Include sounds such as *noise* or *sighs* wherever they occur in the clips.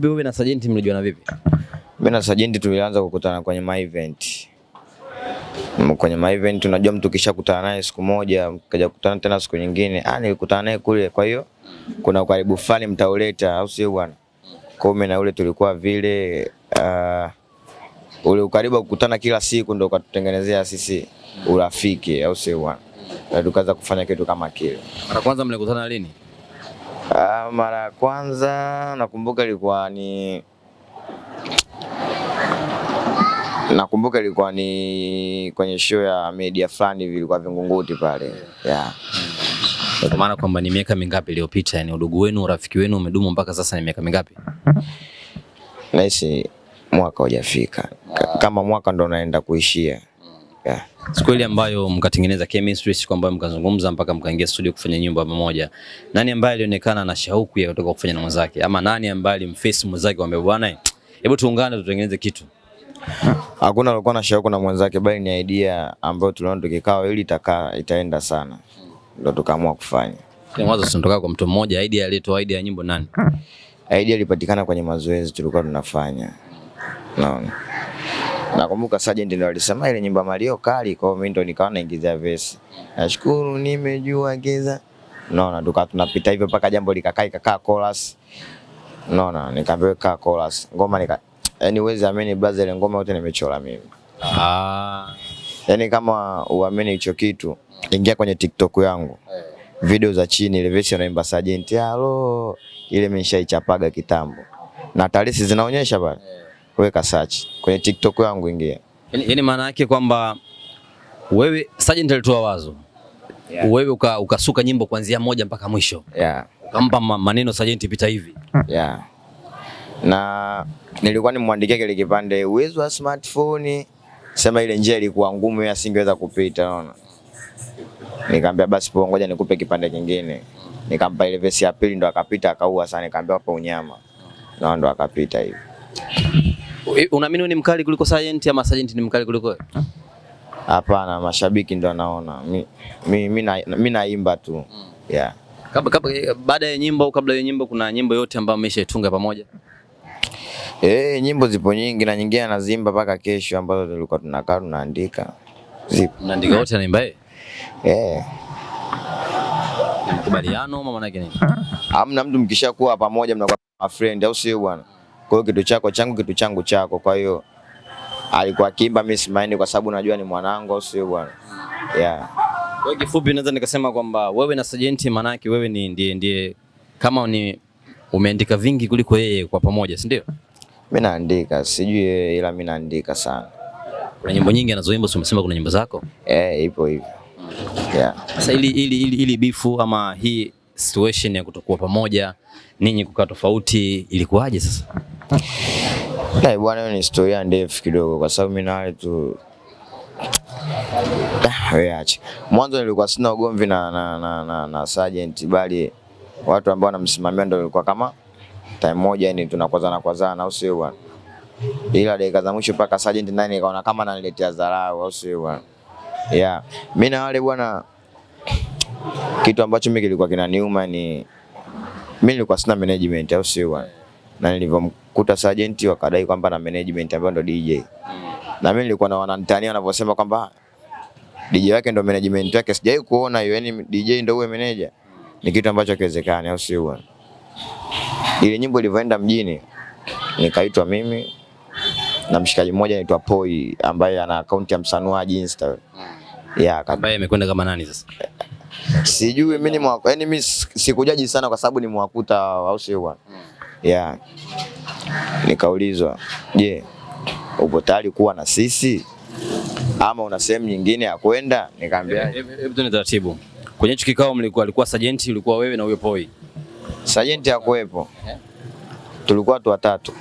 Bibi na Sajenti mlijuana vipi? Mimi na Sergeant tulianza kukutana kwenye my event. Mm, kwenye my event unajua mtu kishakutana naye siku moja, kaja kukutana tena siku nyingine. Ah, nilikutana naye kule, kwa hiyo kuna ukaribu fulani mtauleta au sio bwana? Kwa hiyo na ule tulikuwa vile uh, ule ukaribu kukutana kila siku ndio ukatutengenezea sisi urafiki au sio bwana? Tukaanza kufanya kitu kama kile. Mara kwanza mlikutana lini? Uh, mara ya kwanza nakumbuka ilikuwa ni nakumbuka ilikuwa ni kwenye show ya media fulani hivi, ilikuwa Vingunguti pale yeah. Kwa maana kwamba ni miaka mingapi iliyopita? Yani udugu wenu urafiki wenu umedumu mpaka sasa ni miaka mingapi? Naishi mwaka hujafika, kama mwaka ndo naenda kuishia. Yeah. Siku ile ambayo mkatengeneza chemistry, siku ambayo mkazungumza mpaka mkaingia studio kufanya nyimbo pamoja, nani ambaye alionekana na shauku ya kutoka kufanya na mwenzake, ama nani ambaye alimface mwenzake kwamba bwana, hebu tuungane tutengeneze kitu? Hakuna alikuwa na shauku na mwenzake, bali ni idea ambayo tuliona tukikaa ili itakaa itaenda sana, ndio tukaamua kufanya. Mwanzo tunatoka kwa mtu mmoja. Idea aliyetoa idea ya nyimbo nani? Idea ilipatikana kwenye mazoezi tulikuwa tunafanya, naona Nakumbuka Sergeant ndio alisema ile nyimbo Mario kali, kwa hiyo mimi ndo nikawa naingizia vesi. Nashukuru nimejua giza. Naona tukawa tunapita hivyo mpaka jambo likakaa ikakaa chorus. Naona nikaambiwa kaa chorus. Ngoma nika yaani uweze amini brother ile ngoma yote nimechora mimi. Ah. Yaani kama uamini hicho kitu, ingia kwenye TikTok yangu. Eh. Video za chini ile vesi naimba Sergeant, halo ile nimeshaichapaga kitambo. Na taarifa zinaonyesha bwana. Yeah weka search kwenye TikTok yangu, ingia. Yaani, yaani maana yake kwamba wewe Sergeant alitoa wazo yeah. Wewe uka, ukasuka nyimbo kuanzia moja mpaka mwisho yeah. Ukampa maneno Sergeant pita hivi yeah. Na nilikuwa nimwandikia kile kipande, uwezo wa smartphone, sema ile njia ilikuwa ngumu, yeye asingeweza kupita, naona nikamwambia basi po, ngoja nikupe kipande kingine, nikampa ile verse ya pili, ndo akapita, akaua sana. Nikamwambia hapo unyama, na ndo akapita hivi Eh, unaamini wewe ni mkali kuliko sergeant ama Sajenti ni mkali kuliko wewe? Hapana, mashabiki ndo anaona Mi, mi, mi, na, mi naimba tu mm. yeah. Eh, baada ya nyimbo au kabla ya nyimbo kuna nyimbo yote ambayo mmeshaitunga pamoja? Eh, nyimbo zipo nyingi na nyingine anaziimba mpaka kesho ambazo tulikuwa tunakaa tunaandika. Zipo. Mnaandika wote anaimba yeye? Eh. Makubaliano maana yake nini? Hamna mtu mkishakuwa pamoja mnakuwa friend au sio bwana? Kwa hiyo kitu chako changu, kitu changu chako. Kwa hiyo alikuwa akiimba, mimi simaini, kwa sababu najua ni mwanangu, au sio bwana? Yeah. Kwa kifupi naweza nikasema kwamba wewe na Sergeant maanake wewe ni ndiye ndiye kama ni umeandika vingi kuliko yeye kwa pamoja, si ndio? Mimi naandika, sijui ila mimi naandika sana. Kuna nyimbo nyingi anazoimba, si umesema kuna nyimbo zako? Eh, ipo hivyo. Yeah. Sasa ili ili ili, ili bifu ama hii situation ya kutokuwa pamoja, ninyi kukaa tofauti ilikuwaje sasa? Dai bwana, hiyo ni historia ndefu kidogo, kwa sababu mimi na wale tu ah, weache. Mwanzo nilikuwa sina ugomvi na, na, na, na, na Sergeant, bali watu ambao wanamsimamia ndio walikuwa kama time moja, yani tunakwazana kwazana, au sio bwana? Ila dakika za mwisho mpaka Sergeant nani kaona kama ananiletea dharau, au sio bwana? Yeah, mimi na wale bwana, kitu ambacho mimi kilikuwa kinaniuma ni mimi nilikuwa sina management, au sio bwana? na nilivyomkuta sergeant wakadai kwamba na management ambayo ndo DJ. Na mimi nilikuwa na wanantania wanavyosema kwamba DJ wake ndo management wake, Sijai kuona hiyo, yani DJ ndo uwe manager. Ni kitu ambacho kiwezekani au sio Ile nyimbo ilivyoenda mjini nikaitwa mimi na mshikaji mmoja anaitwa Poi ambaye ana account ya msanuaji Insta. Yeah, ambaye imekwenda kama nani sasa? Sijui mimi ni mwa... yani mimi sikujaji sana kwa sababu ni mwakuta au sio bwana? ya Nikaulizwa, je, upo tayari kuwa na sisi ama una sehemu nyingine ya kwenda? Nikamwambia eh, eh, hebu tuende taratibu. Kwenye hicho kikao mlikuwa alikuwa sajenti, ulikuwa wewe na huyo poi. Sajenti hakuwepo, eh? tulikuwa tu watatu,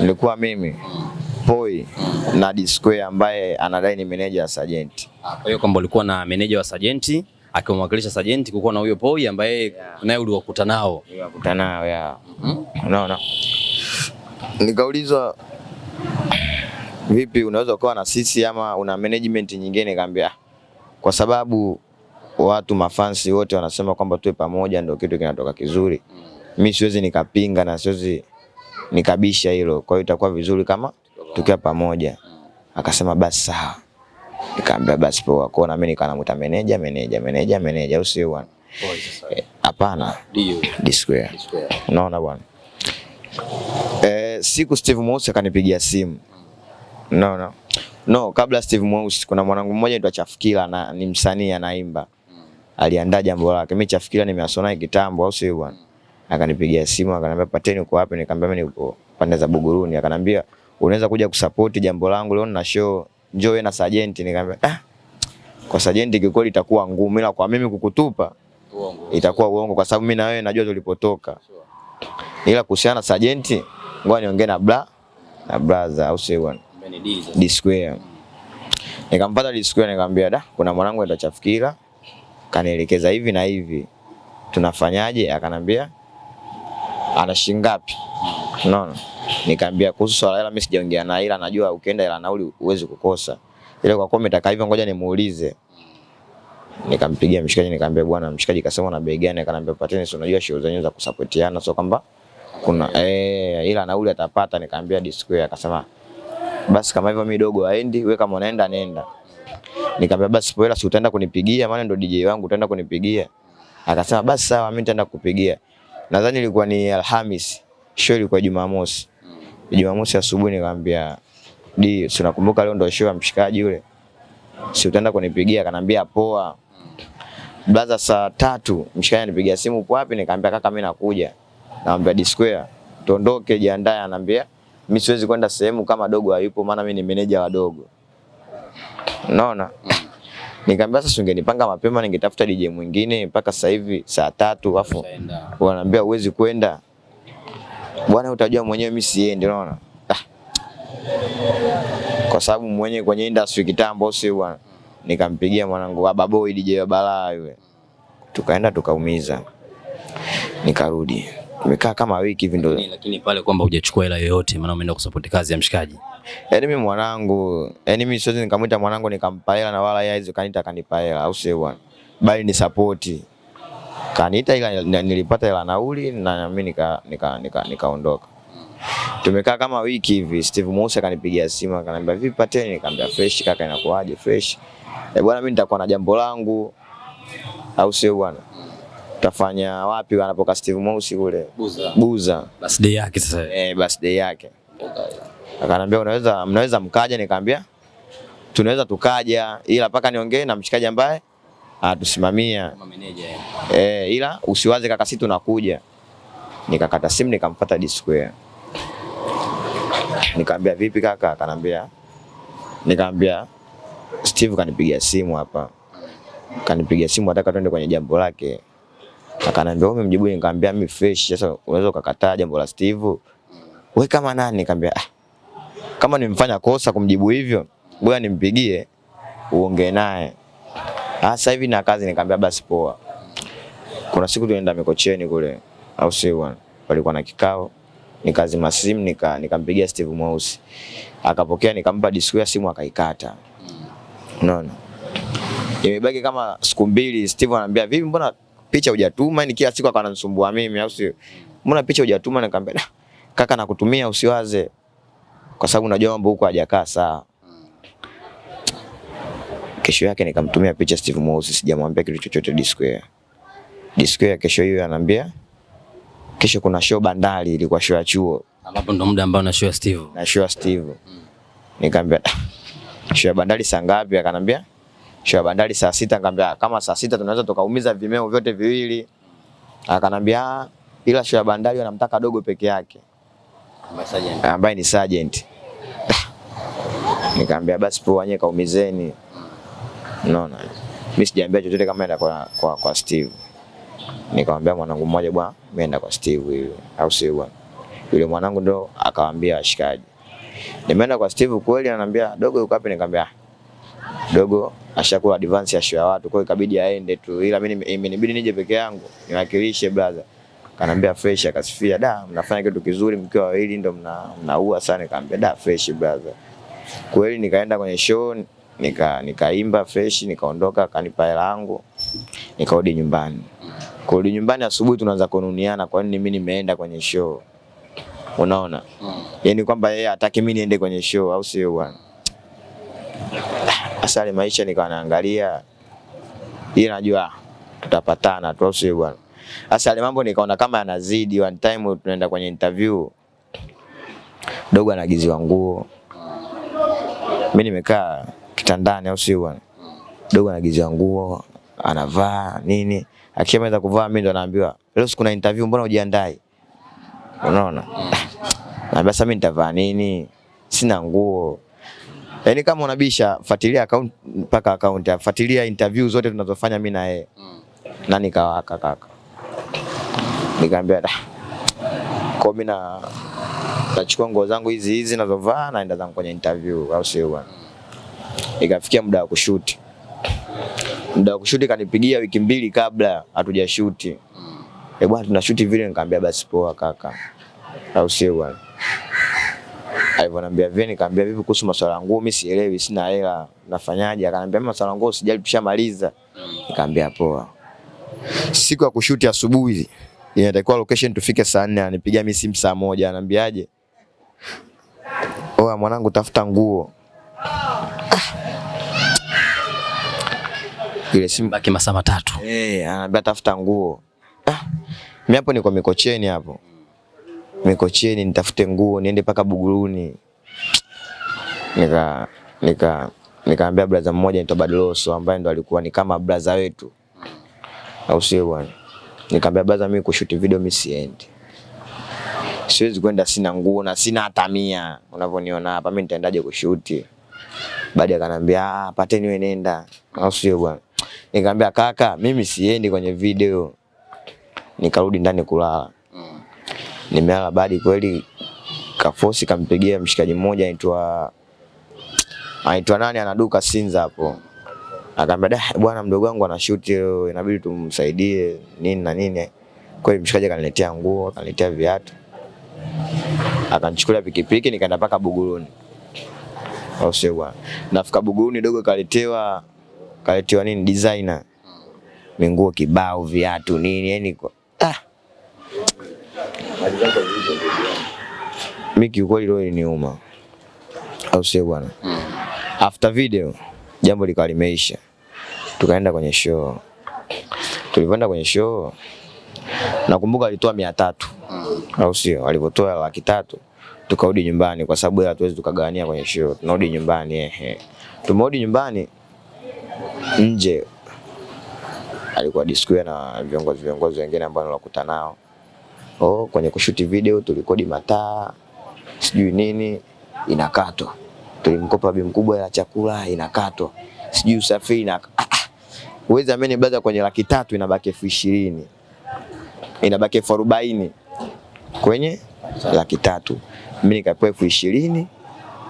nilikuwa mimi poi na D Square ambaye anadai ni meneja wa sajenti. Ah, kwa hiyo kwamba ulikuwa na meneja wa sajenti akimwakilisha Sajenti kukuwa na huyo Poi ambaye yeah. naye uliokuta nao uliwakuta nao yeah. -hmm. no, no. vipi, unaweza ukawa na sisi ama una management nyingine? kaambia kwa sababu watu mafansi wote wanasema kwamba tuwe pamoja ndio kitu kinatoka kizuri. Hmm. Mi siwezi nikapinga na siwezi nikabisha hilo, kwa hiyo itakuwa vizuri kama tukiwa pamoja. Hmm. Akasema basi sawa. Nikaambia basi poa. Kwa na mimi nikaa namuita meneja meneja meneja meneja, au sio bwana? Eh, hapana, Ndio. D Square. Unaona bwana eh, siku Steve Mweusi akanipigia simu no, no. No, kabla Steve Mweusi kuna mwanangu mmoja anaitwa Chafikila na ni msanii anaimba. Mm. Aliandaa jambo lake. Mimi Chafikila nimeasona kitambo au sio bwana? Mm. Akanipigia simu akaniambia Pateni uko wapi? Nikamwambia mimi niko pande za Buguruni. Akanambia unaweza kuja kusupport jambo langu leo na show njoo na sajenti. Nikamwambia ah, kwa sajenti kikweli itakuwa ngumu, ila kwa mimi kukutupa uongo itakuwa uongo, kwa sababu mimi na wewe najua tulipotoka, ila kuhusiana na sajenti, ngoja niongee na bla na brother, au sio bwana D Square. Nikampata D Square, nikamwambia da, kuna mwanangu anaitwa Chafikira kanielekeza hivi na hivi, tunafanyaje? Akanambia ana shilingi ngapi? Unaona? Nikamwambia kuhusu swala hela mimi sijaongea na ila najua ukienda hela nauli uwezi kukosa. Ile kwa comment akakaa hivyo ngoja nimuulize. Nikampigia mshikaji nikamwambia bwana mshikaji kasema na bei gani? Akaniambia pateni si unajua show zenyewe za kusapotiana so kwamba kuna eh ila nauli atapata nikamwambia disco akasema basi kama hivyo mimi dogo aendi wewe kama unaenda nenda. Nikamwambia basi poela si utaenda kunipigia maana ndo DJ wangu utaenda kunipigia. Akasema basi sawa mimi nitaenda kukupigia. Nadhani ilikuwa ni Alhamisi show ilikuwa Jumamosi. Mm. Jumamosi asubuhi nikamwambia di, si unakumbuka leo ndo show ya mshikaji yule, si utaenda kunipigia? Akanambia poa mm. blaza. Saa tatu mshikaji anipigia simu, upo wapi? Nikamwambia kaka, mimi nakuja. Naambia D Square tuondoke, jiandae. Ananiambia mimi siwezi kwenda sehemu kama dogo hayupo, maana mimi ni meneja wa dogo. Unaona? Mm. Nikamwambia sasa, ungenipanga mapema ningetafuta DJ mwingine. Mpaka sasa hivi saa tatu afu wanaambia uwezi kwenda bwana, utajua mwenyewe, mimi siendi, unaona ah. Kwa sababu mwenyewe kwenye industry kitambo, si bwana. Nikampigia mwanangu Baba Boy DJ Balaa yule, tukaenda tukaumiza, nikarudi nimekaa kama wiki hivi ndo. Lakini pale kwamba hujachukua hela yoyote, maana umeenda kusupport kazi ya mshikaji. Yaani mimi mwanangu, yaani mimi siwezi nikamwita mwanangu nikampa hela na wala yeye hizo kanita kanipa hela, au sio bwana, bali ni support kaniita ila nilipata hela nauli na mimi nika nika, nika, nika tumekaa kama wiki hivi, Steve Musa akanipigia simu akaniambia vipi Pateni, nikamwambia fresh kaka, inakuaje? Fresh eh bwana, mimi nitakuwa na jambo langu, au sio bwana? Tafanya wapi wanapoka Steve Musa kule Buza, Buza. birthday yake sasa eh, birthday yake akaniambia unaweza, mnaweza mkaja, nikamwambia tunaweza tukaja, ila paka niongee na mshikaji ambaye atusimamia ah, e, eh. eh, ila usiwaze kaka, sisi tunakuja. Nikakata simu nikampata D Square, nikamwambia vipi kaka, akanambia, nikamwambia Steve kanipigia simu hapa, kanipigia simu nataka twende kwenye jambo lake. Akanambia wewe mjibu. Nikamwambia mimi fresh. Sasa unaweza ukakataa jambo la Steve? Wewe kama nani? Nikamwambia ah, kama nimefanya kosa kumjibu hivyo, ngoja nimpigie uongee naye ah, sasa hivi na kazi. Nikamwambia basi poa. Kuna siku tulienda Mikocheni kule, au sio bwana, walikuwa na kikao nikazima simu nika nikampigia Steve Mweusi akapokea, nikampa disku ya simu akaikata. Unaona, imebaki kama siku mbili. Steve anambia vipi, mbona picha hujatuma? Ni yaani kila siku akanisumbua mimi, au sio? Mbona picha hujatuma? Nikamwambia kaka, nakutumia usiwaze, kwa sababu unajua mambo huko hajakaa sawa. Kesho yake nikamtumia picha Steve Moses, sijamwambia kitu chochote D Square. D Square kesho hiyo ananiambia kesho kuna show bandari, ilikuwa show ya chuo ambapo ndo muda ambao na show ya Steve na show ya Steve Nikamwambia *laughs* show ya bandari saa ngapi? Akanambia show ya bandari saa sita. Nikamwambia kama saa sita tunaweza tukaumiza vimeo vyote viwili. Akanambia ah, ila show ya bandari wanamtaka dogo peke yake ambaye ni sergeant. *laughs* Nikamwambia basi po wenyewe kaumizeni Unaona, mimi sijaambia chochote kama enda kwa, kwa, kwa Steve. Nikamwambia mwanangu mmoja, bwana mimi naenda kwa Steve hivi, au sio bwana? Yule mwanangu ndo akawaambia washikaji, nimeenda kwa Steve kweli. Ananiambia dogo yuko wapi? Nikamwambia dogo ashakula advance ya show ya watu, kwa hiyo ikabidi aende tu, ila mimi imenibidi nije peke yangu niwakilishe brother. Kanambia fresh, akasifia da, mnafanya kitu kizuri mkiwa wawili, ndo mnaua mna sana. Kaambia da, fresh brother, kweli. Nikaenda kwenye show nika nikaimba fresh nikaondoka, akanipa hela yangu nikarudi nyumbani. Kurudi nyumbani asubuhi tunaanza kununiana, kwa nini mimi nimeenda kwenye show? Unaona? Mm. Yaani kwamba yeye hataki mimi niende kwenye show au sio bwana? Asali maisha nikawa naangalia yeye, najua tutapatana tu au sio bwana? Asali mambo nikaona kama yanazidi, one time tunaenda kwenye interview. Dogo anaagiziwa nguo. Mimi nimekaa kitandani, au sio bwana? Dogo anagiza nguo anavaa nini, akishamaliza kuvaa mimi ndo naambiwa leo siku na interview, mbona hujiandai? Unaona, *laughs* naambia sasa mimi nitavaa nini, sina nguo. Yaani kama unabisha, fuatilia account mpaka account, fuatilia interview zote tunazofanya mimi na yeye. Na nikawaka kaka, nikamwambia da, kwa mimi na nachukua nguo zangu hizi hizi nazovaa, naenda zangu kwenye interview, au sio bwana? Ikafikia muda wa kushuti, muda wa kushuti kanipigia wiki mbili kabla hatuja shuti, e eh, bwana, tuna shuti vile. Nikamwambia basi poa kaka, au sio bwana? Alivyoniambia vile, nikamwambia vipi kuhusu masuala yangu, mimi sielewi, sina hela, nafanyaje? Akaniambia mimi masuala yangu sijali, tushamaliza. Nikamwambia poa. Siku ya kushuti asubuhi inatakiwa location tufike saa nne, anipigia mimi simu saa moja, ananiambiaje, oa mwanangu, tafuta nguo ah ile simu baki masaa matatu. Eh, anaambia ah, tafuta nguo. Ah, mimi hapo niko Mikocheni hapo. Mikocheni nitafute nguo niende paka Buguruni. Nika nika nikaambia brother mmoja anaitwa Badloso ambaye ndo alikuwa ni kama brother wetu. Au sio bwana? Nikaambia brother, mimi kushuti video mimi siendi. Siwezi kwenda, sina nguo na sina hata mia. Unavyoniona hapa mimi nitaendaje kushuti? Baada akanambia ah, pateni wewe nenda. Au sio bwana? Nikamwambia kaka, mimi siendi kwenye video. Nikarudi ndani kulala. Nimeala badi kweli kafosi kampigia mshikaji mmoja aitwa aitwa nani anaduka Sinza hapo. Akaambia bwana, mdogo wangu ana shoot leo, inabidi tumsaidie nini na nini. Kweli mshikaji akaniletea nguo, akaniletea viatu, akanichukulia pikipiki nikaenda mpaka Buguruni au sio bwana? Nafika Buguni dogo kaletewa kaletewa nini designer. Minguo kibao, viatu nini, yani kwa ah. Mimi kiukweli leo iliniuma. Au sio bwana? Hmm. After video jambo likawa limeisha. Tukaenda kwenye show. Tulivyoenda kwenye show nakumbuka alitoa mia tatu hmm. au sio? Alivyotoa laki tatu tukarudi nyumbani, kwa sababu hatuwezi tukagawania kwenye show, tunarudi nyumbani ehe. Tumerudi nyumbani, nje alikuwa disikuya na viongozi viongozi wengine ambao nilikuta nao oh, kwenye kushuti video tulikodi mataa sijui nini inakatwa, tulimkopa bi mkubwa ya chakula inakatwa, sijui usafiri na ah, ah. uwezi ameni blaza, kwenye laki tatu inabaki elfu ishirini inabaki elfu arobaini kwenye laki tatu mimi nikapewa elfu ishirini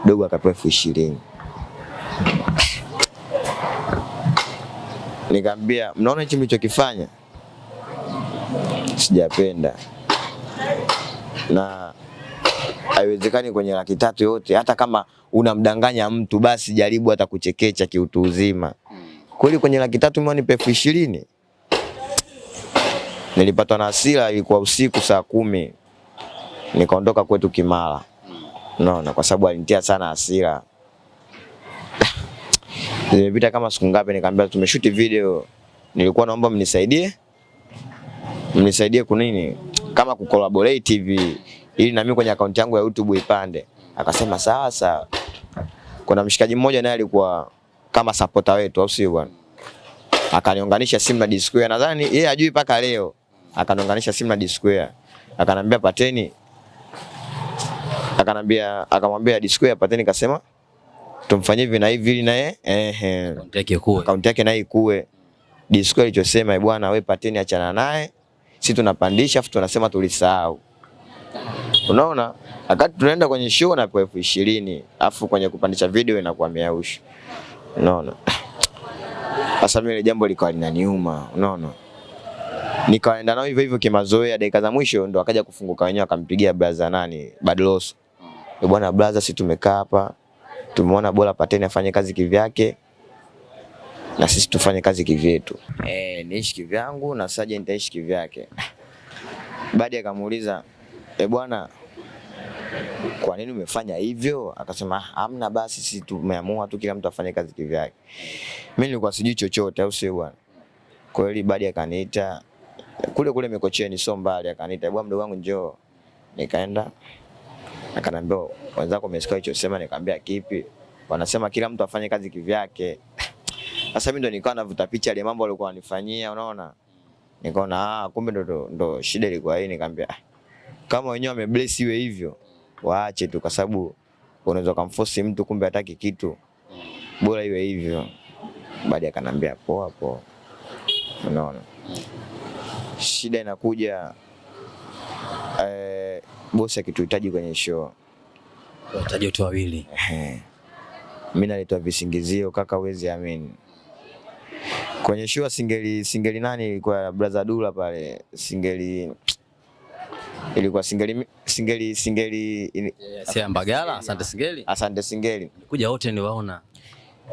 dogo akapewa elfu ishirini Nikamwambia, mnaona hichi mlichokifanya sijapenda, na haiwezekani kwenye laki tatu yote. Hata kama unamdanganya mtu, basi jaribu hata kuchekecha kiutu uzima. Kweli kwenye laki tatu mimi nipe elfu ishirini Nilipatwa na hasira, ilikuwa usiku saa kumi nikaondoka kwetu Kimara. Unaona, kwa sababu alinitia sana hasira. Zimepita kama siku ngapi, nikamwambia tumeshuti video, nilikuwa naomba mnisaidie, mnisaidie kunini kama kucollaborate TV ili na mimi kwenye akaunti yangu ya YouTube ipande. Akasema sawa sawa. Kuna mshikaji mmoja naye alikuwa kama supporter wetu, au sio bwana? Akaniunganisha simu na Square, nadhani yeye ajui mpaka leo. Akaniunganisha simu na Square, akanambia pateni akanambia akamwambia Disco siku ya pateni, kasema tumfanyie hivi na hivi na yeye ehe, akaunti yake ikue, akaunti yake naye ikue. Disco ilichosema eh, bwana, wewe pateni, achana naye, sisi tunapandisha, afu tunasema tulisahau. Unaona, akati tunaenda kwenye show na elfu ishirini afu kwenye kupandisha video inakuwa mia ushu. Unaona, sasa mimi jambo likawa linaniuma, unaona nikaenda nao hivyo hivyo kimazoea. Dakika za mwisho ndo akaja kufunguka wenyewe, akampigia brother nani Badloso Eh, bwana brother, si tumekaa hapa tumeona bora Pateni afanye kazi kivyake na sisi tufanye kazi kivyetu. Eh, niishi kivyangu na sergeant aishi kivyake. *sighs* Baada akamuuliza, e bwana, kwa nini umefanya hivyo? Akasema ah, hamna, basi sisi tumeamua tu kila mtu afanye kazi kivyake. Mimi nilikuwa sijui chochote, au sio bwana? Kweli baada akaniita kule kule Mikocheni, sio mbali, akaniita eh, bwana, mdogo wangu njoo, nikaenda Akaniambia wenzako umesikia hicho sema, nikamwambia kipi? Wanasema kila mtu afanye kazi kivyake. *laughs* Sasa mimi ndo nikawa navuta picha ile mambo alikuwa anifanyia, unaona? Nikaona ah, kumbe ndo ndo shida ilikuwa hii, nikamwambia ah, kama wenyewe wamebless iwe hivyo, waache tu kwa sababu unaweza kumforce mtu kumbe hataki kitu. Bora iwe hivyo. Baadaye akanambia poa poa. Unaona? Shida inakuja eh bosi akituhitaji kwenye show Wataje watu wawili. Mimi nalitoa visingizio kaka, uwezi amini. Kwenye show singeli singeli nani ilikuwa brother Dula pale, singeli ilikuwa singeli singeli singeli si Mbagala. Asante singeli, asante singeli, kuja wote waona.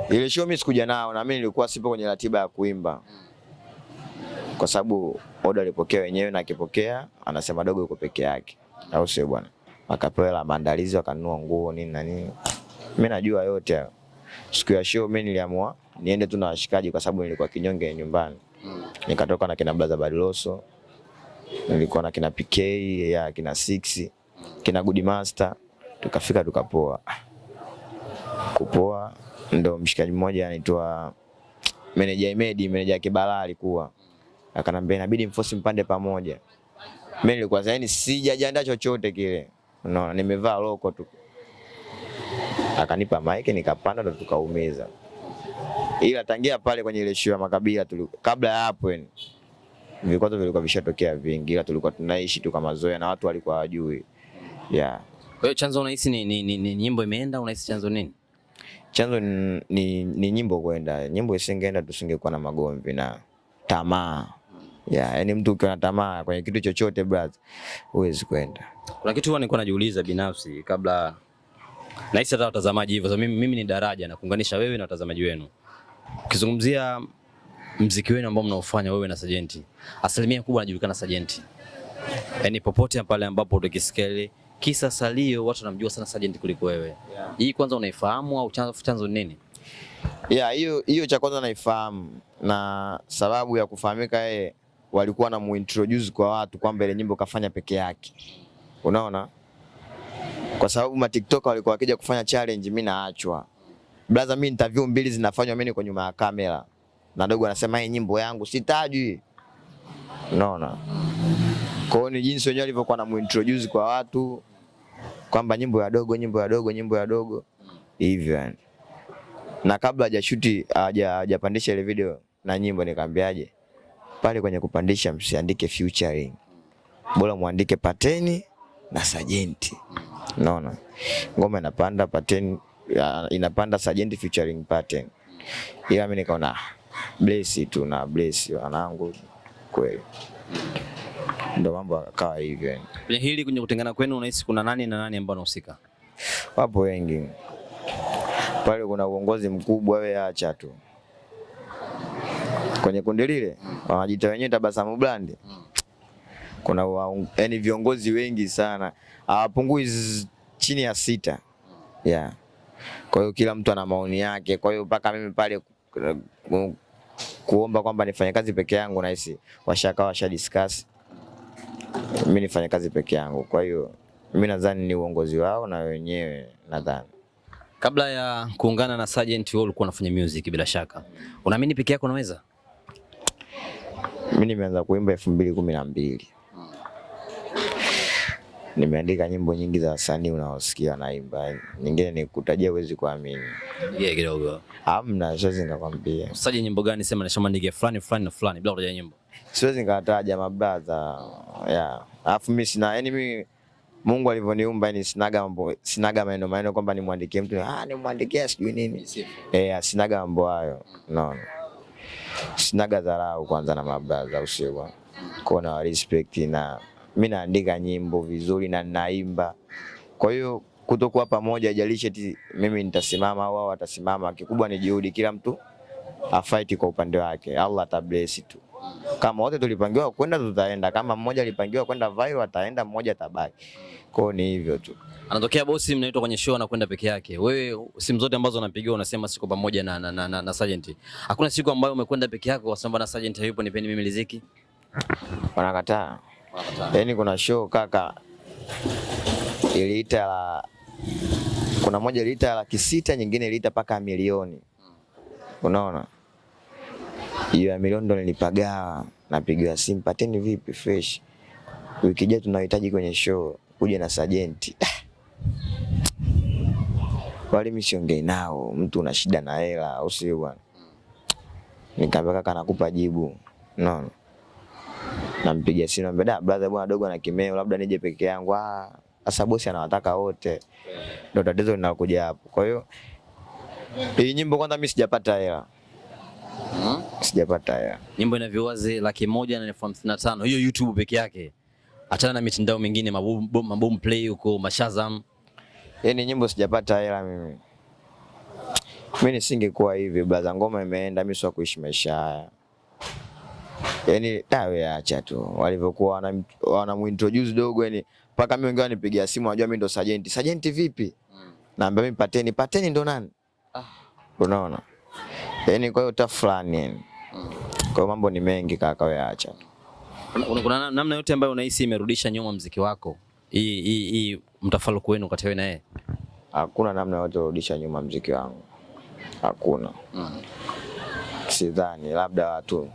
ile show. Mimi sikuja nao na mimi nilikuwa sipo kwenye ratiba ya kuimba kwa sababu oda alipokea wenyewe na akipokea anasema dogo uko peke yake au sio bwana? Wakapewa hela maandalizi, wakanunua nguo nini na nini. Mimi najua yote hayo. Siku ya show mimi niliamua niende tu na washikaji, kwa sababu nilikuwa kinyonge nyumbani. Mm. Nikatoka na kina Blaza Badiloso, nilikuwa na kina PK ya kina Six, kina Good Master, tukafika tukapoa. Kupoa ndo mshikaji mmoja anaitwa meneja Imedi, meneja Kibala alikuwa akanambia inabidi mfosi mpande pamoja mimi nilikuwa yani sijajiandaa chochote kile, No, nimevaa loko tu. Akanipa maiki nikapanda, ndo tukaumiza. Ila tangia pale kwenye ile shule ya makabila tuli, kabla ya hapo yani vikwazo vilikuwa vishatokea vingi, ila tulikuwa tunaishi tu kama zoea na watu walikuwa hawajui yeah. Kwa hiyo chanzo unahisi ni, ni, ni, ni nyimbo imeenda, unahisi chanzo nini? Chanzo ni, ni, ni nyimbo kwenda. Nyimbo isingeenda tusingekuwa na magomvi na tamaa Yeah, yani mtu ukiwa na tamaa kwenye kitu chochote brother, huwezi kwenda. Kuna kitu nilikuwa najiuliza binafsi kabla na nahisi hata watazamaji hivyo. mimi, mimi ni daraja na kuunganisha wewe na watazamaji wenu. Ukizungumzia mziki wenu ambao mnaofanya wewe na Sajenti, asilimia kubwa anajulikana Sajenti, yaani popote pale ambapo tukisikia kisa salio, watu wanamjua sana Sajenti kuliko wewe yeah. Hii kwanza unaifahamu au chanzo chanzo ni nini? Yeah, hiyo hiyo cha kwanza naifahamu, na sababu ya kufahamika yeye eh walikuwa na muintroduce kwa watu kwamba ile nyimbo kafanya peke yake, unaona, kwa sababu ma TikTok walikuwa wakija kufanya challenge, mimi naachwa brother. mimi interview mbili zinafanywa, mimi kwa nyuma ya kamera na dogo anasema hii nyimbo yangu sitajui, unaona. Kwa hiyo ni jinsi wenyewe walivyokuwa na muintroduce kwa watu kwamba nyimbo ya dogo, nyimbo ya dogo, nyimbo ya dogo hivyo yani, na kabla hajashuti hajapandisha ile video na nyimbo, nikamwambiaje pale kwenye kupandisha msiandike featuring, bora muandike pateni na sajenti. Unaona, ngoma inapanda pateni, inapanda sajenti featuring pateni, ila mimi nikaona ah, bless tu na bless wanangu kweli ndo mambo akawa hivyo. Kwenye hili kwenye kutengana kwenu, unahisi kuna nani na nani ambao wanahusika? Wapo wengi pale, kuna uongozi mkubwa, wewe acha tu kwenye kundi lile wanajiita wenyewe Tabasamu Blandi. Kuna yaani viongozi wengi sana hawapungui chini ya sita yeah. Kwa hiyo kila mtu ana maoni yake, kwa hiyo mpaka mimi pale uh, uh, kuomba kwamba nifanye kazi peke yangu, nahisi washaka washa discuss mimi nifanye kazi peke yangu. Kwa hiyo mimi nadhani ni uongozi wao na wenyewe nadhani. Kabla ya kuungana na Sergeant, wewe ulikuwa unafanya music bila shaka, unaamini peke yako unaweza? Mimi nimeanza kuimba elfu mbili kumi na mbili. Nimeandika nyimbo nyingi za wasanii unaosikia naimba, nyingine nikutajia huwezi kuamini. Yeah, kidogo. Hamna, siwezi nikakwambia. Usaje nyimbo gani? Sema nasema ndige fulani fulani na fulani bila kutaja nyimbo. Siwezi nikataja mabrother. Yeah. Alafu mimi sina, yani mimi Mungu alivyoniumba yani sinaga mambo, sinaga maneno maneno kwamba nimwandikie mtu, ah, nimwandikie sijui nini. Eh, sinaga mambo hayo. Unaona? No sinaga dharau kwanza na mabraza usiwa kwa na respect, na mimi naandika nyimbo vizuri na ninaimba, kwa hiyo kutokuwa pamoja jalishe ti mimi nitasimama au wao watasimama, kikubwa ni juhudi, kila mtu afaiti kwa upande wake, Allah atabless tu. Kama wote tulipangiwa kwenda tutaenda, kama mmoja alipangiwa kwenda vai ataenda, mmoja tabaki. Kwa ni hivyo tu. Anatokea bosi, mnaitwa kwenye show, anakwenda peke yake. Wewe simu zote ambazo unapigiwa unasema siko pamoja na, na, na, na, na Sergeant. Hakuna siku ambayo umekwenda peke yako kwa sababu na Sergeant hayupo, nipeni mimi riziki. Wanakataa. Wanakataa. Yaani kuna show kaka iliita la kuna moja iliita laki sita, nyingine iliita mpaka milioni. Hmm. Unaona? hiyo ya milioni ndo nilipagawa, napigiwa simu, pateni vipi fresh, wiki ijayo tunahitaji kwenye show, kuja na sajenti ah. wale mimi siongei nao, mtu una shida na hela, au sio bwana? Nikaambia kaka, nakupa jibu no. Nampigia simu naambia, da brother, bwana dogo ana kimeo, labda nije peke yangu. Ah, sasa bosi anawataka wote, ndio tatizo linakuja hapo. Kwa hiyo hii nyimbo kwanza mimi sijapata hela sijapata ya. Nyimbo ina viewers laki moja na elfu hamsini na tano hiyo YouTube peke yake, achana na mitandao mingine mabomu mabomu play huko mashazam. Yaani nyimbo sijapata hela mimi. Mimi nisingekuwa hivi blaza, ngoma imeenda, mimi sio kuishi maisha haya. Yaani dawe acha tu. Walivyokuwa wanamuintroduce dogo yani mpaka mimi wengine wanipigia simu wajua mimi ndo Sajenti. Sajenti vipi? Mm. Naambia mimi pateni, pateni ndo nani? Ah. Unaona? Yaani kwa hiyo ta fulani yani. Kwa mambo ni mengi kaka, wewe acha. Kuna namna yote ambayo unahisi imerudisha nyuma mziki wako, hii hii hii mtafaruku wenu kati wewe naye? Hakuna namna yote kurudisha nyuma mziki wangu, hakuna mm. Sidhani, labda watu,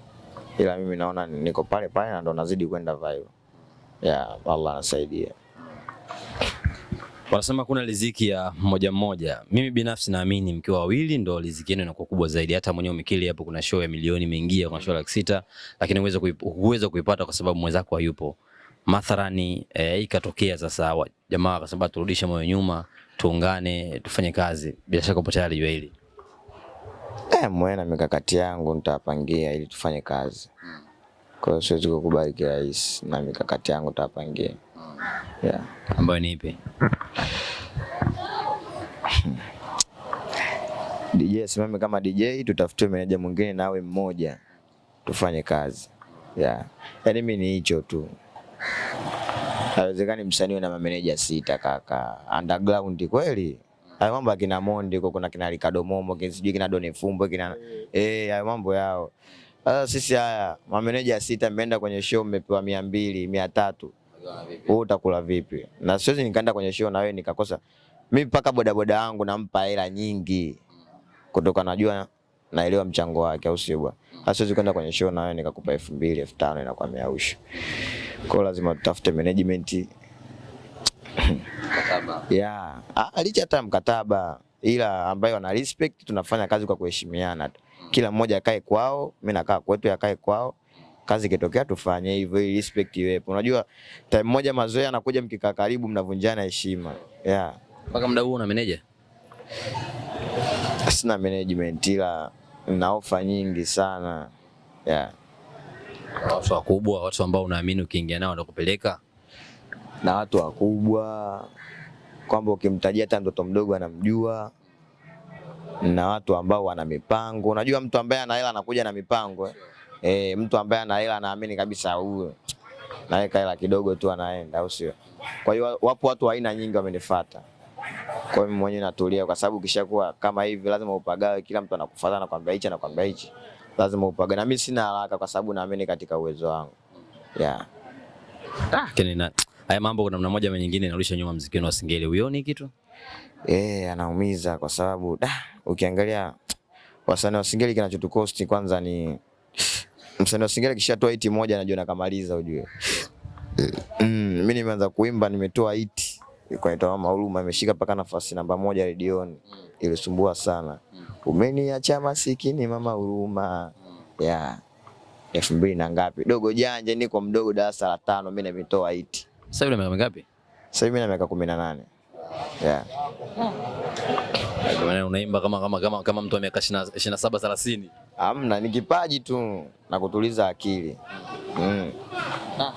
ila mimi naona niko pale pale na ndo nazidi kwenda vibe. Yeah, Allah anasaidia. Wanasema kuna riziki ya moja mmoja. Mimi binafsi naamini mkiwa wawili ndo riziki yenu inakuwa kubwa zaidi. Hata mwenyewe umekili hapo, kuna show ya milioni imeingia, kuna show laki sita, lakini uweze kuweza kuipata kwa sababu mwenzako hayupo. Mathalani eh, ikatokea sasa wa jamaa akasema turudishe moyo nyuma, tuungane, tufanye kazi. Bila shaka upo tayari jua hili eh? Mwena mikakati yangu nitapangia ili tufanye kazi, kwa hiyo siwezi kukubali kirahisi, na mikakati yangu nitapangia yeah. ambayo ni ipi? *laughs* DJ simame kama DJ, tutafute meneja mwingine na awe mmoja, tufanye kazi yeah. Yaani mimi ni hicho tu. Haiwezekani msanii na mameneja sita kaka, underground kweli. Hayo mambo ya kina Mondi huko, kuna kina Ricardo Momo, sijui kina Doni Fumbo, kina eh, hayo mambo yao. Sasa sisi haya mameneja sita, mmeenda kwenye show mmepewa mia mbili mia tatu wewe utakula vipi? Na siwezi nikaenda kwenye show na wewe nikakosa mimi, mpaka bodaboda wangu nampa hela nyingi kutoka, najua naelewa mchango wake, au sio bwana? Siwezi kwenda kwenye show na wewe nikakupa elfu mbili elfu tano inakuwa miausho. Kwa lazima tutafute management yeah. Ah, licha hata mkataba ila ambayo wana respect, tunafanya kazi kwa kuheshimiana kila mmoja akae kwao, mimi nakaa kwetu, yakae kwao kazi ikitokea tufanye hivyo ili respect iwepo. Unajua time moja mazoea anakuja, mkikaa karibu mnavunjana heshima. Yeah. Mpaka muda una manager? Sina management ila na ofa nyingi sana. Yeah. Watu wakubwa, watu ambao unaamini ukiingia nao watakupeleka na watu wakubwa kwamba ukimtajia hata mtoto mdogo anamjua, na watu ambao wana mipango. Unajua mtu ambaye ana hela anakuja na mipango eh? eh, mtu ambaye ana hela anaamini kabisa huyo naweka hela kidogo tu anaenda, au sio? Kwa hiyo wapo watu aina nyingi wamenifuata. Kwa hiyo mimi mwenyewe natulia, kwa sababu ukishakuwa kama hivi lazima upagawe. Kila mtu anakufuata na kwambia hichi, na kwambia hichi, lazima upagawe, na mimi sina haraka, kwa sababu naamini katika uwezo wangu yeah. Ah, kenina haya mambo kuna namna moja ama nyingine inarudisha nyuma mziki wa Singeli. Uioni kitu? Eh, anaumiza kwa sababu da, ukiangalia wasanii wa Singeli kinachotukosti kwanza ni msanii wa Singeli kishatoa hiti moja anajiona kamaliza, ujue. Mm, mimi nimeanza kuimba nimetoa hiti kwa Mama Huruma imeshika mpaka nafasi namba moja redioni, ilisumbua sana. Umeniacha masikini Mama Huruma ya yeah. elfu mbili na ngapi, dogo janje, niko mdogo darasa la tano, mimi nimetoa hiti. Sasa hivi una miaka mingapi? Sasa hivi na miaka kumi na nane yeah. Kwa Unaimba kama, kama, kama, kama mtu wa miaka ishirini na saba ni kipaji tu na kutuliza akili mm. ah.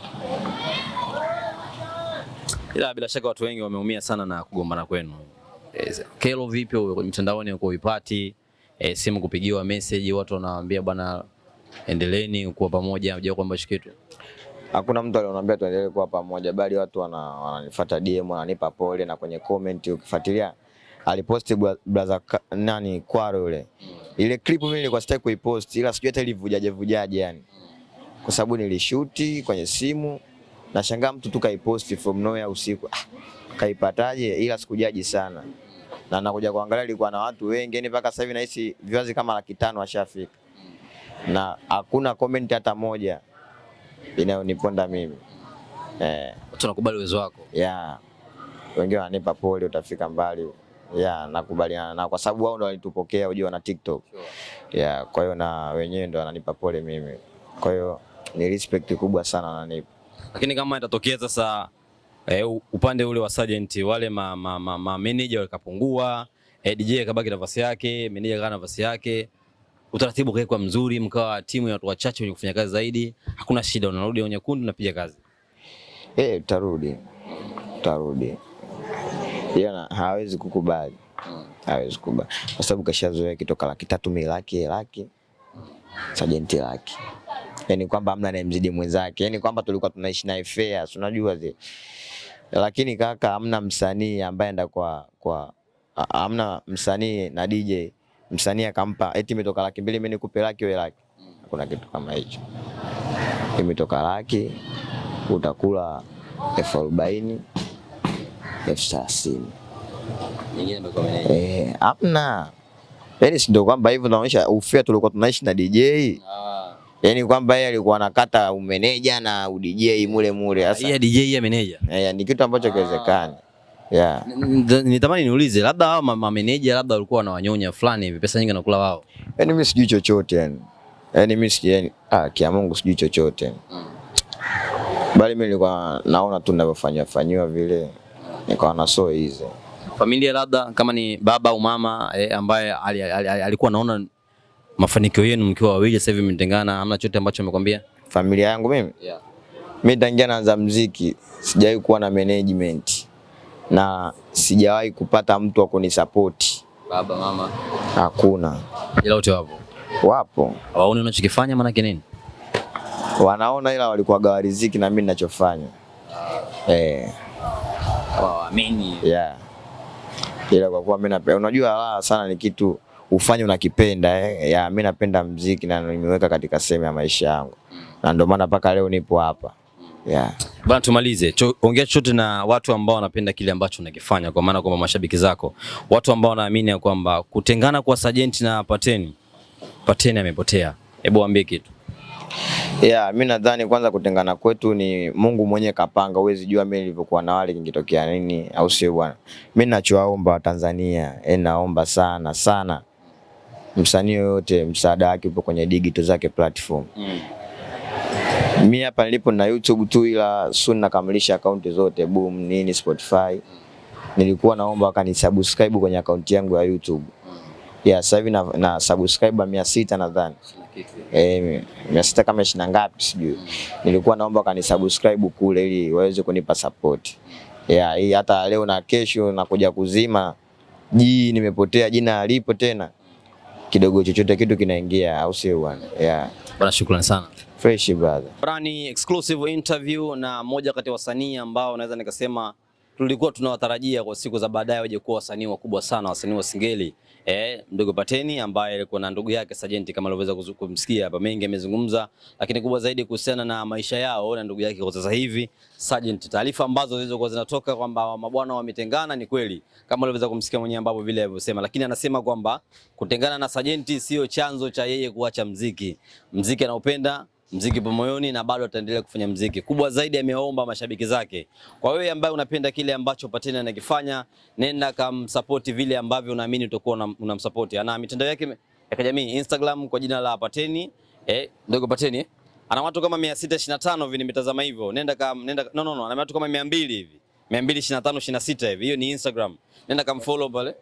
Ila bila shaka watu wengi wameumia sana na kugombana kwenu. Eh, Kelo vipi wewe kwenye mtandaoni kwa uipati? E, eh, simu kupigiwa message, watu wanawaambia bwana, endeleeni kuwa pamoja, hujua kwamba hicho kitu hakuna mtu alionambia tuendelee kuwa pamoja, bali watu wananifuata DM wananipa pole, na kwenye comment ukifuatilia aliposti brother nani Kwaro yule. Ile clip mimi nilikuwa sitaki kuipost, ila sijui hata ilivujaje vujaje yani, kwa sababu nilishuti kwenye simu na shangaa mtu tu kaiposti from nowhere usiku. Ah, kaipataje? Ila sikujaji sana na nakuja kuangalia ilikuwa na watu wengi yani, mpaka sasa hivi nahisi viwazi kama laki tano washafika, na hakuna comment hata moja inayoniponda mimi eh. Tunakubali uwezo wako yeah. Wengine wananipa pole, utafika mbali yeah, nakubaliana na kwa sababu wao ndo walitupokea ujio na TikTok sure. Yeah, kwa hiyo na wenyewe ndo wananipa pole mimi, kwa hiyo ni respect kubwa sana wananipa, lakini kama itatokea sasa eh, upande ule wa Sergeant wale ma, ma, ma, ma manager wakapungua eh, DJ akabaki nafasi yake, manager akakaa nafasi yake utaratibu kwa mzuri, mkawa timu ya watu wachache wenye kufanya kazi zaidi, hakuna shida, unarudi kwenye unapiga kazi eh, utarudi utarudi ila yaani hawezi kukubali hawezi kukubali kwa sababu kashazoea kitoka laki tatu mi laki laki sajenti laki yani kwamba amna anayemzidi mwenzake, yani kwamba tulikuwa tunaishi naye fair, unajua zile. Lakini kaka, amna msanii ambaye anda kwa kwa amna msanii na DJ msanii akampa eti imetoka laki mbili, mimi nikupe laki wewe laki. kuna kitu kama hicho. Imetoka laki utakula elfu arobaini elfu thelathini eh, hamna yani si ndio kwamba hivyo naonyesha ufia tulikuwa tunaishi na DJ ah. Yani kwamba yeye alikuwa anakata umeneja na udj mule mule. Sasa yeye DJ yeye meneja e, ni kitu ambacho kiwezekani ah. yeah. Nitamani niulize labda hao mameneja labda walikuwa wanawanyonya fulani hivi pesa nyingi anakula wao. Yani mimi sijui chochote yani. Yani mimi sijui yani ah kia Mungu sijui chochote. Yaani. Mm. Bali mimi nilikuwa naona tu ninavyofanywa fanywa vile nikawa na so hizi familia, labda kama ni baba au mama eh, ambaye alikuwa anaona naona mafanikio yenu mkiwa wawili, sasa hivi mmetengana, hamna chote ambacho amekwambia? Familia yangu mimi yeah. Mimi tangia naanza muziki sijawahi kuwa na management na sijawahi kupata mtu wa kunisupport baba mama, hakuna ila wote wapo, wapo waone unachokifanya maana yake nini, wanaona ila walikuwa gawariziki na mimi ninachofanya eh hawaamini. Yeah. Ila kwa kuwa mimi napenda, unajua raha sana ni kitu ufanye unakipenda eh. Ya mimi napenda mziki na nimeweka katika sehemu ya maisha yangu. Mm. Na ndio maana mpaka leo nipo hapa. Mm. Yeah. Bana, tumalize. Ongea chote na watu ambao wanapenda kile ambacho unakifanya, kwa maana kwamba mashabiki zako, watu ambao wanaamini kwamba kutengana kwa Sajenti na Pateni, Pateni amepotea. Hebu waambie kitu. Yeah, mi nadhani kwanza kutengana kwetu ni Mungu mwenye kapanga, huwezi jua mimi nilivyokuwa na wale kingetokea nini, au sio bwana? Mi nachowaomba Watanzania, eh, naomba sana sana msanii yoyote msaada wake upo kwenye digital zake platform. Mm. Mi hapa nilipo na YouTube tu, ila soon nakamilisha akaunti zote boom, nini Spotify. Nilikuwa naomba wakanisubscribe kwenye akaunti yangu ya YouTube. Mm. Yeah, sasa hivi na, na subscriber mia sita nadhani eh, mia sita kama ishirini na ngapi sijui. Nilikuwa naomba kanisubscribe kule ili waweze kunipa support. Yeah, hii hata leo na kesho nakuja kuzima jii, nimepotea jina alipo tena kidogo, chochote kitu kinaingia, au sio bwana? Yeah. Bwana, shukrani sana. Fresh brother. Brani exclusive interview na mmoja kati ya wasanii ambao naweza nikasema tulikuwa tunawatarajia kwa siku za baadaye waje kuwa wasanii wakubwa sana, wasanii wa Singeli eh, mdogo Pateni ambaye alikuwa na ndugu yake Sajenti kama alivyoweza kumsikia hapa, mengi amezungumza, lakini kubwa zaidi kuhusiana na maisha yao na ndugu yake kwa sasa hivi Sajenti. Taarifa ambazo zilizokuwa zinatoka kwamba mabwana wametengana ni kweli kama alivyoweza kumsikia mwenyewe ambapo vile alivyosema, lakini anasema kwamba kutengana na Sajenti sio chanzo cha yeye kuacha mziki, mziki anaupenda mziki po moyoni na bado ataendelea kufanya mziki. Kubwa zaidi ameomba mashabiki zake. Kwa wewe ambaye unapenda kile ambacho Pateni anakifanya, nenda kamsupport vile ambavyo unaamini utakuwa unamsupport. Ana mitandao yake ya kijamii Instagram kwa jina la Pateni, eh, ndogo Pateni. Ana watu kama 625 hivi nimetazama hivyo. Nenda kam nenda no no no, ana watu kama 200 hivi. 225 26 hivi. Hiyo ni Instagram. Nenda kamfollow pale.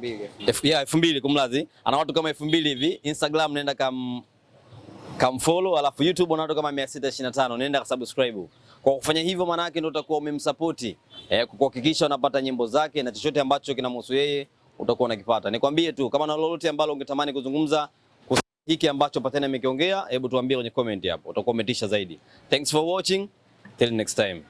2000. Yeah, 2000 kumlazi. Ana watu kama 2000 hivi. Instagram nenda kam Kamfollow alafu YouTube unaona kama 625 nenda subscribe. Kwa kufanya hivyo maana yake ndio utakuwa umemsupport eh, kuhakikisha unapata nyimbo zake na chochote ambacho kinamhusu yeye utakuwa unakipata. Nikwambie tu kama na lolote ambalo ungetamani kuzungumza hiki ambacho Pateni amekiongea, hebu tuambie kwenye comment hapo, utakuwa umetisha zaidi. Thanks for watching. Till next time.